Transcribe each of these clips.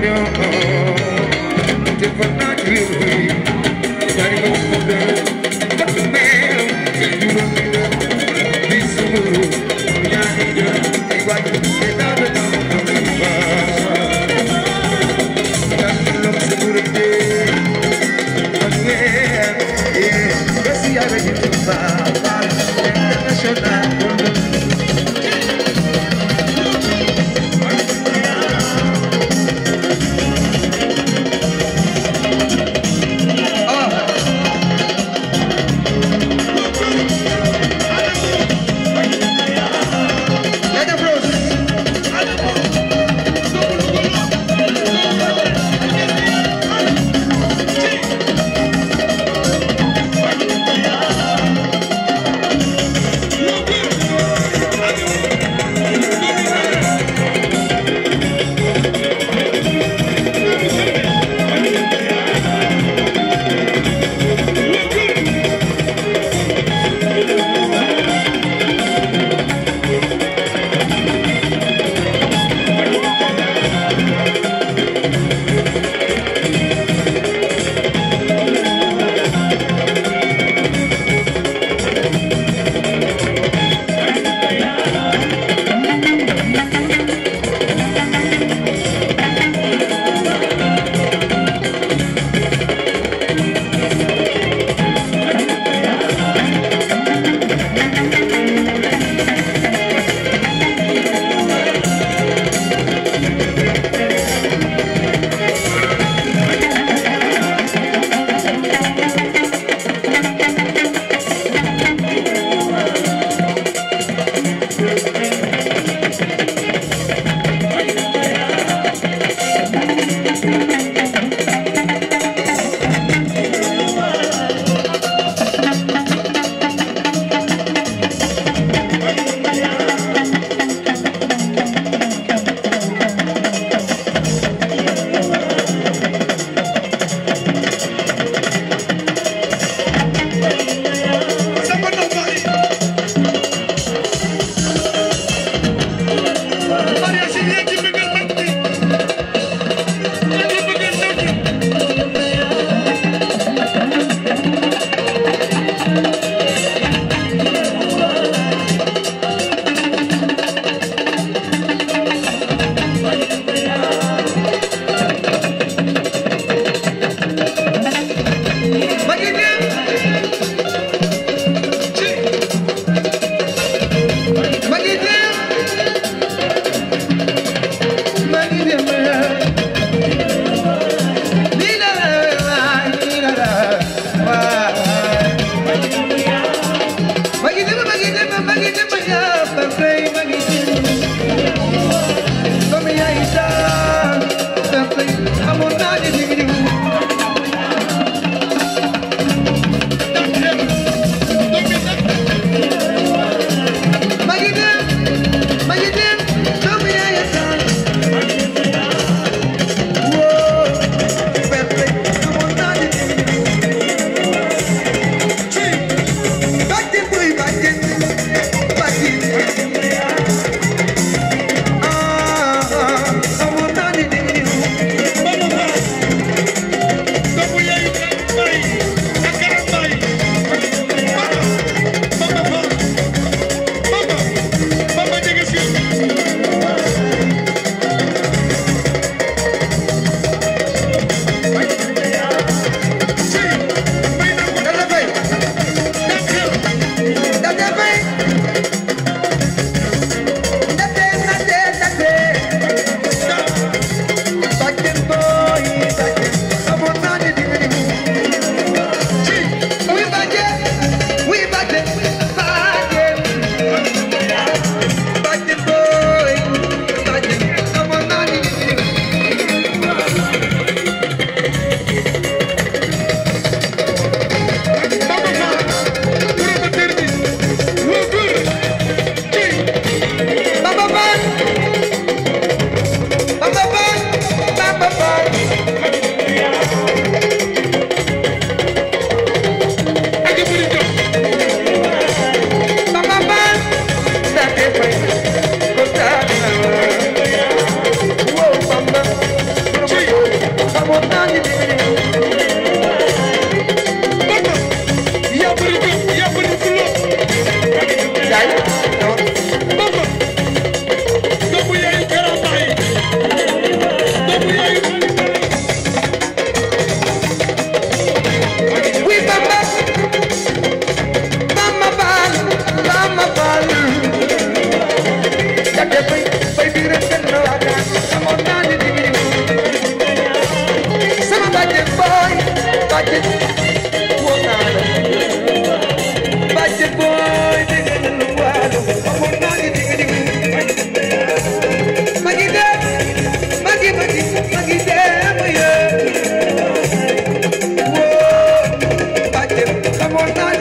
Savior.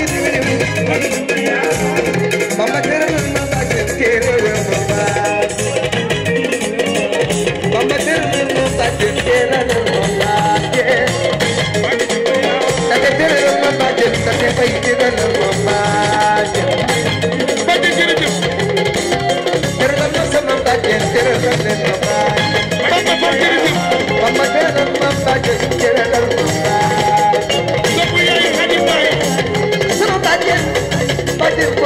Thank you. I did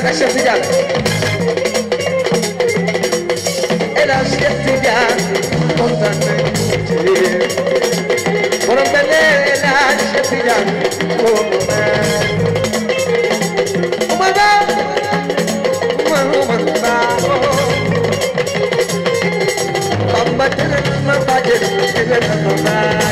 era cigana. Era cigana, contame por tener la cigana como Humana, humana, humana, Pamba, tiene una paella, tiene una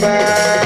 Bye.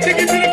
Shake, shake it the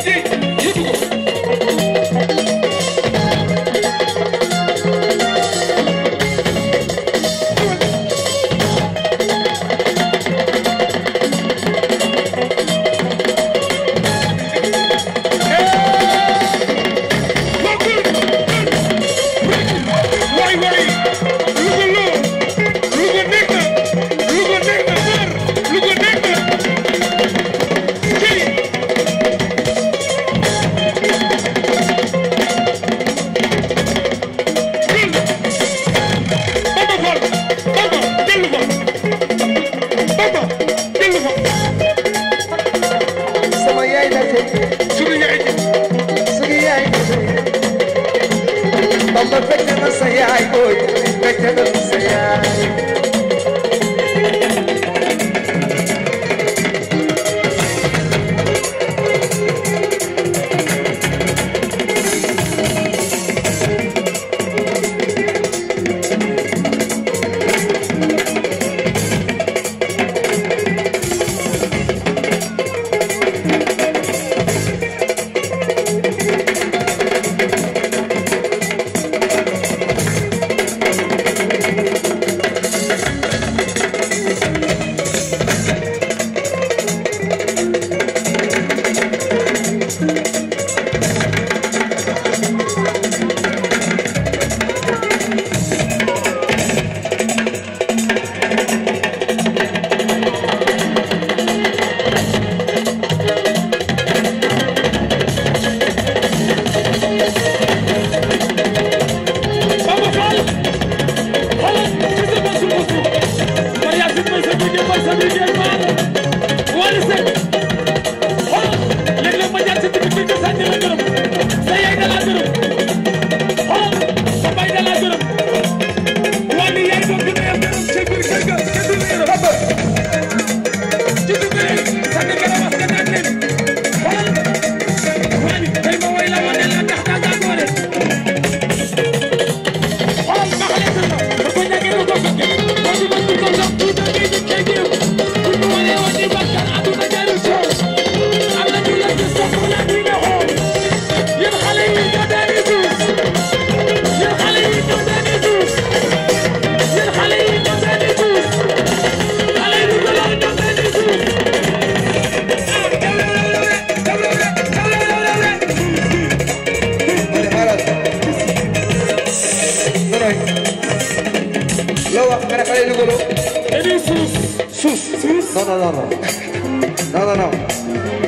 non non non non non non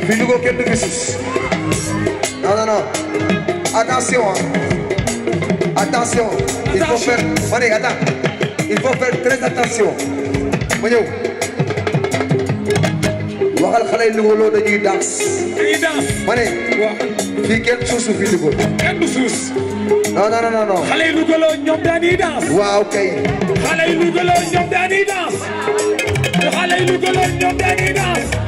fii Louga kenn du fi sus non non non attention attention il faut faire ma ne attends il faut faire très attention ma ñëw waxal xale yi Louga loolu dañuy danse. dañuy danse ma ne. waaw fii kenn suusu fii Louga. kenn du suus. non non non non. xale yi Louga loolu ñoom dañuy danse. waaw kay. xale yi Louga loolu ñoom dañuy danse. Make you let your belly dance.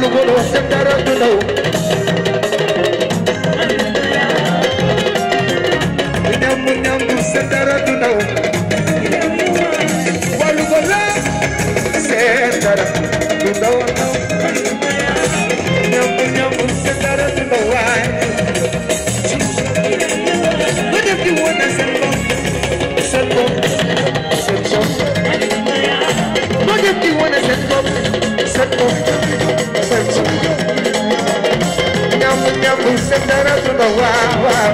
lu ko doon te dara du daw walu ko la du daw يقول سكرة البواب